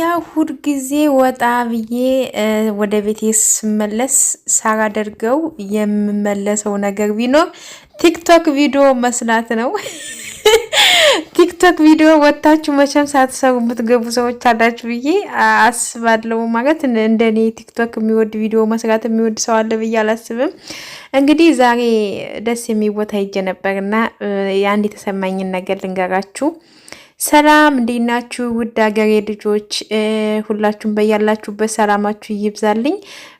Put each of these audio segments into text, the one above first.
ያ ሁል ጊዜ ወጣ ብዬ ወደ ቤቴ ስመለስ ሳላደርገው የምመለሰው ነገር ቢኖር ቲክቶክ ቪዲዮ መስላት ነው። ቲክቶክ ቪዲዮ ወታችሁ መቼም ሳትሰሩ የምትገቡ ሰዎች አላችሁ ብዬ አስባለሁ። ማለት እንደኔ ቲክቶክ የሚወድ ቪዲዮ መስራት የሚወድ ሰው አለ ብዬ አላስብም። እንግዲህ ዛሬ ደስ የሚቦታ ቦታ ሄጄ ነበር እና የተሰማኝን ነገር ልንገራችሁ። ሰላም እንዴት ናችሁ? ውድ ሀገሬ ልጆች ሁላችሁም በያላችሁበት ሰላማችሁ ይብዛልኝ።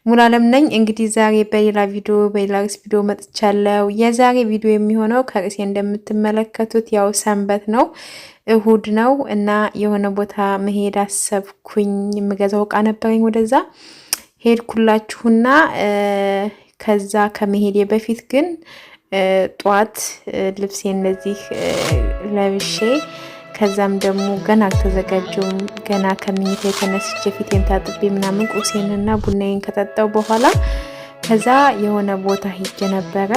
ሙሉዓለም ነኝ። እንግዲህ ዛሬ በሌላ ቪዲዮ በሌላ ርዕስ ቪዲዮ መጥቻለሁ። የዛሬ ቪዲዮ የሚሆነው ከርዕሴ እንደምትመለከቱት ያው ሰንበት ነው፣ እሁድ ነው እና የሆነ ቦታ መሄድ አሰብኩኝ። የምገዛው እቃ ነበረኝ። ወደዛ ሄድኩላችሁና ከዛ ከመሄዴ በፊት ግን ጠዋት ልብሴ እንደዚህ ለብሼ ከዛም ደግሞ ገና አልተዘጋጀውም። ገና ከምኝታ የተነስቼ ፊቴን ታጥቤ ምናምን ቁርሴንና ቡናዬን ከጠጣው በኋላ ከዛ የሆነ ቦታ ሂጅ ነበረ።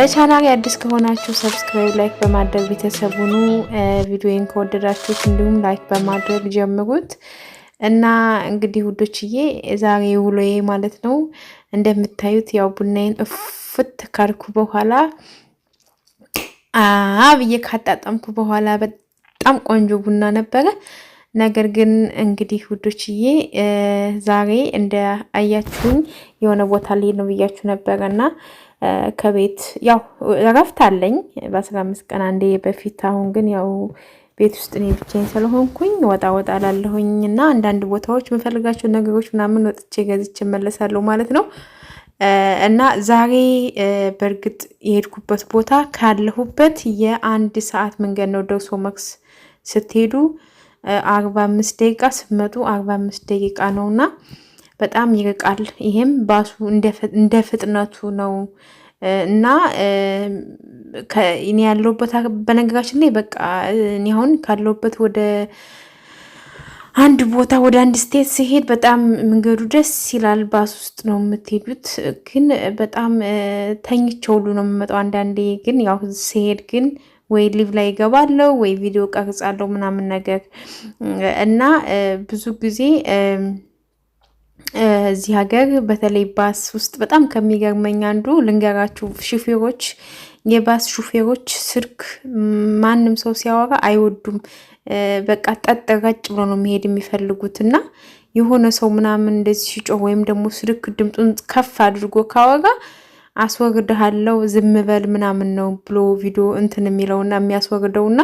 ለቻናል አዲስ ከሆናችሁ ሰብስክራይብ፣ ላይክ በማድረግ ቤተሰቡኑ ቪዲዮን ከወደዳችሁት እንዲሁም ላይክ በማድረግ ጀምሩት እና እንግዲህ ውዶችዬ ዛሬ ውሎዬ ማለት ነው እንደምታዩት ያው ቡናዬን እፍት ካልኩ በኋላ አብዬ ካጣጠምኩ በኋላ በጣም በጣም ቆንጆ ቡና ነበረ። ነገር ግን እንግዲህ ውዶችዬ ዛሬ እንደ አያችሁኝ የሆነ ቦታ ልሄድ ነው ብያችሁ ነበረ እና ከቤት ያው እረፍት አለኝ በአስራ አምስት ቀን አንዴ በፊት። አሁን ግን ያው ቤት ውስጥ እኔ ብቻኝ ስለሆንኩኝ ወጣ ወጣ ላለሁኝ እና አንዳንድ ቦታዎች የምፈልጋቸው ነገሮች ምናምን ወጥቼ ገዝቼ መለሳለሁ ማለት ነው። እና ዛሬ በእርግጥ የሄድኩበት ቦታ ካለሁበት የአንድ ሰዓት መንገድ ነው። ደርሶ መክስ ስትሄዱ አርባ አምስት ደቂቃ ስትመጡ አርባ አምስት ደቂቃ ነው እና በጣም ይርቃል። ይሄም ባሱ እንደ ፍጥነቱ ነው እና እኔ ያለሁበት በነገራችን ላይ በቃ እኔ አሁን ካለሁበት ወደ አንድ ቦታ ወደ አንድ ስቴት ሲሄድ በጣም መንገዱ ደስ ይላል። ባስ ውስጥ ነው የምትሄዱት፣ ግን በጣም ተኝቼ ሁሉ ነው የምመጣው። አንዳንዴ ግን ያው ሲሄድ ግን ወይ ሊቭ ላይ ይገባለው ወይ ቪዲዮ ቀርጻለው ምናምን ነገር እና ብዙ ጊዜ እዚህ ሀገር በተለይ ባስ ውስጥ በጣም ከሚገርመኝ አንዱ ልንገራችሁ ሹፌሮች የባስ ሹፌሮች ስልክ ማንም ሰው ሲያወራ አይወዱም። በቃ ጠጥ ረጭ ብሎ ነው መሄድ የሚፈልጉት እና የሆነ ሰው ምናምን እንደዚህ ሲጮህ ወይም ደግሞ ስልክ ድምፁን ከፍ አድርጎ ካወራ አስወርድሃለው ዝም በል ምናምን ነው ብሎ ቪዲዮ እንትን የሚያስወርደው የሚያስወርደውና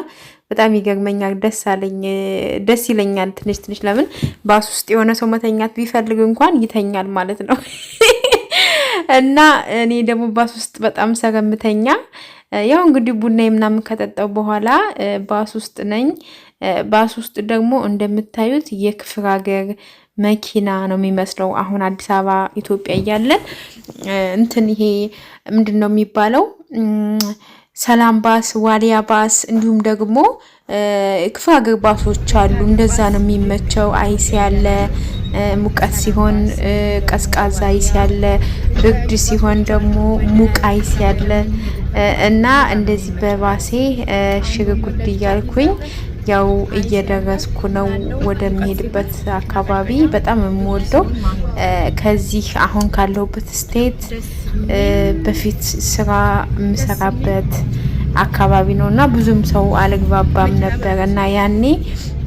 በጣም ይገርመኛል። ደስ አለኝ ደስ ይለኛል ትንሽ ትንሽ። ለምን ባስ ውስጥ የሆነ ሰው መተኛት ቢፈልግ እንኳን ይተኛል ማለት ነው። እና እኔ ደግሞ ባስ ውስጥ በጣም ሰገምተኛ ያው እንግዲህ ቡና ምናምን ከጠጣው በኋላ ባስ ውስጥ ነኝ። ባስ ውስጥ ደግሞ እንደምታዩት የክፍለ ሀገር መኪና ነው የሚመስለው። አሁን አዲስ አበባ ኢትዮጵያ እያለን እንትን ይሄ ምንድን ነው የሚባለው ሰላም ባስ፣ ዋሊያ ባስ እንዲሁም ደግሞ ክፉ ሀገር ባሶች አሉ። እንደዛ ነው የሚመቸው። አይስ ያለ ሙቀት ሲሆን ቀዝቃዛ አይስ ያለ፣ ብርድ ሲሆን ደግሞ ሙቅ አይስ ያለ እና እንደዚህ በባሴ ሽርጉድ እያልኩኝ ያው እየደረስኩ ነው ወደሚሄድበት አካባቢ። በጣም የምወደው ከዚህ አሁን ካለሁበት ስቴት በፊት ስራ የምሰራበት አካባቢ ነው እና ብዙም ሰው አልግባባም ነበረ እና ያኔ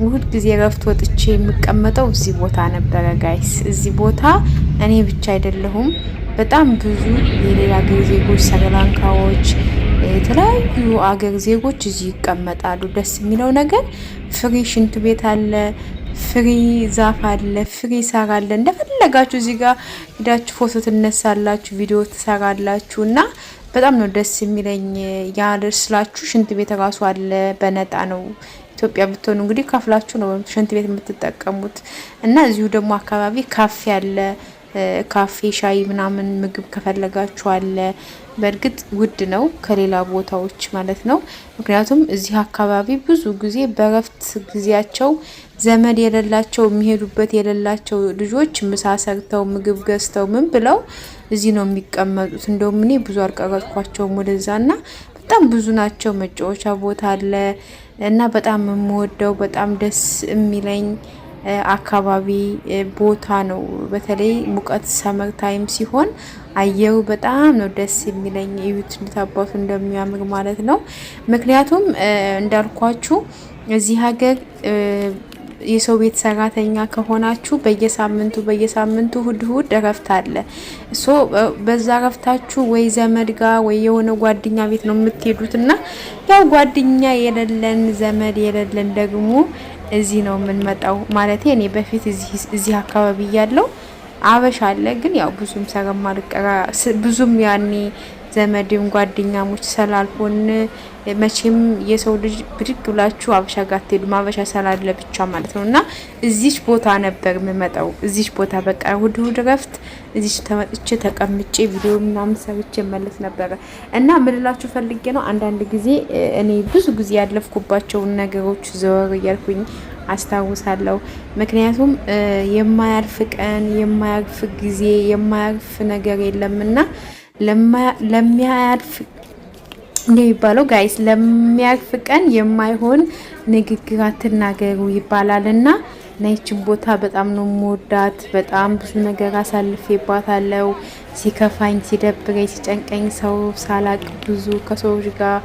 ውሁድ ጊዜ ረፍት ወጥቼ የምቀመጠው እዚህ ቦታ ነበረ። ጋይስ እዚህ ቦታ እኔ ብቻ አይደለሁም፣ በጣም ብዙ የሌላ ጊዜ ዜጎች፣ አገር ዜጎች እዚህ ይቀመጣሉ። ደስ የሚለው ነገር ፍሪ ሽንት ቤት አለ፣ ፍሪ ዛፍ አለ፣ ፍሪ ሳር አለ። እንደፈለጋችሁ እዚህ ጋር ሂዳችሁ ፎቶ ትነሳላችሁ፣ ቪዲዮ ትሰራላችሁ እና በጣም ነው ደስ የሚለኝ። ያ ሽንት ቤት ራሱ አለ በነጣ ነው። ኢትዮጵያ ብትሆኑ እንግዲህ ከፍላችሁ ነው ሽንት ቤት የምትጠቀሙት እና እዚሁ ደግሞ አካባቢ ካፌ አለ። ካፌ ሻይ ምናምን ምግብ ከፈለጋችሁ አለ በእርግጥ ውድ ነው ከሌላ ቦታዎች ማለት ነው። ምክንያቱም እዚህ አካባቢ ብዙ ጊዜ በረፍት ጊዜያቸው ዘመድ የሌላቸው የሚሄዱበት የሌላቸው ልጆች ምሳ ሰርተው ምግብ ገዝተው ምን ብለው እዚህ ነው የሚቀመጡት። እንደውም እኔ ብዙ አልቀረጥኳቸውም ወደዛ ና በጣም ብዙ ናቸው። መጫወቻ ቦታ አለ እና በጣም የምወደው በጣም ደስ የሚለኝ አካባቢ ቦታ ነው። በተለይ ሙቀት ሰመር ታይም ሲሆን አየሩ በጣም ነው ደስ የሚለኝ። እዩት እንድታባቱ እንደሚያምር ማለት ነው። ምክንያቱም እንዳልኳችሁ እዚህ ሀገር የሰው ቤት ሰራተኛ ከሆናችሁ በየሳምንቱ በየሳምንቱ እሁድ እሁድ እረፍት አለ። ሶ በዛ እረፍታችሁ ወይ ዘመድ ጋር ወይ የሆነ ጓደኛ ቤት ነው የምትሄዱት እና ያው ጓደኛ የሌለን ዘመድ የሌለን ደግሞ እዚህ ነው የምንመጣው። ማለት እኔ በፊት እዚህ አካባቢ እያለው አበሻ አለ ግን ያው ብዙም ሰገማ ብዙም ያኔ ዘመድም ጓደኛሞች ስላልሆን መቼም የሰው ልጅ ብድግ ብላችሁ አበሻ ጋር አትሄዱም። አበሻ ስላለ ብቻ ማለት ነው። እና እዚች ቦታ ነበር የምመጣው። እዚች ቦታ በቃ እሁድ እሁድ እረፍት እዚች ተመጥቼ ተቀምጬ ቪዲዮ ምናምን ሰርቼ መለስ ነበረ። እና ምልላችሁ ፈልጌ ነው። አንዳንድ ጊዜ እኔ ብዙ ጊዜ ያለፍኩባቸውን ነገሮች ዘወር እያልኩኝ አስታውሳለሁ። ምክንያቱም የማያልፍ ቀን፣ የማያልፍ ጊዜ፣ የማያልፍ ነገር የለምና ለሚያልፍ ነው የሚባለው ጋይስ ለሚያልፍ ቀን የማይሆን ንግግር አትናገሩ ይባላልና ናይችን ቦታ በጣም ነው የምወዳት። በጣም ብዙ ነገር አሳልፌባታለሁ። ሲከፋኝ፣ ሲደብረኝ፣ ሲጨንቀኝ ሰው ሳላቅ ብዙ ከሰዎች ጋር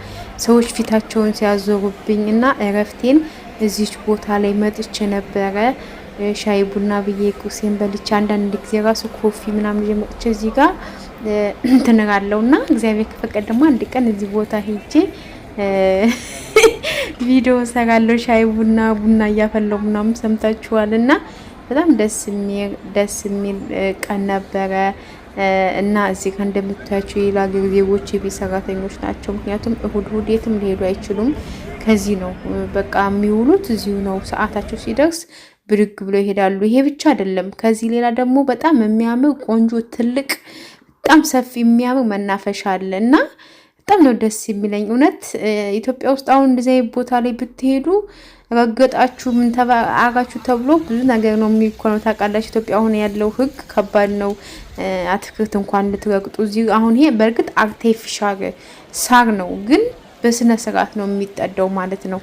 ሰዎች ፊታቸውን ሲያዞሩብኝ እና እረፍቴን እዚች ቦታ ላይ መጥቼ ነበረ። ሻይ ቡና ብዬ ቁርሴን በልቼ አንዳንድ ጊዜ ራሱ ኮፊ ምናምን መጥቼ እዚህ ጋር እንትንጋለው እና እግዚአብሔር ከፈቀደ ደግሞ አንድ ቀን እዚህ ቦታ ሄጄ ቪዲዮ ሰጋለው። ሻይ ቡና ቡና እያፈለው ምናምን ሰምታችኋል እና በጣም ደስ የሚል ቀን ነበረ እና እዚህ ጋር እንደምታያቸው የላገር ዜጎች የቤት ሰራተኞች ናቸው። ምክንያቱም እሁድ እሁድ የትም ሊሄዱ አይችሉም። ከዚህ ነው በቃ የሚውሉት፣ እዚሁ ነው። ሰዓታቸው ሲደርስ ብድግ ብለው ይሄዳሉ። ይሄ ብቻ አይደለም። ከዚህ ሌላ ደግሞ በጣም የሚያምር ቆንጆ ትልቅ በጣም ሰፊ የሚያምር መናፈሻ አለ እና በጣም ነው ደስ የሚለኝ እውነት። ኢትዮጵያ ውስጥ አሁን እንደዚህ ቦታ ላይ ብትሄዱ ረገጣችሁ ምን አጋችሁ ተብሎ ብዙ ነገር ነው የሚኮነው። ታውቃላችሁ ኢትዮጵያ አሁን ያለው ሕግ ከባድ ነው። አትክልት እንኳን እንድትረግጡ እዚህ አሁን ይሄ በእርግጥ አርቴፊሻል ሳር ነው፣ ግን በስነ ስርዓት ነው የሚጠዳው ማለት ነው።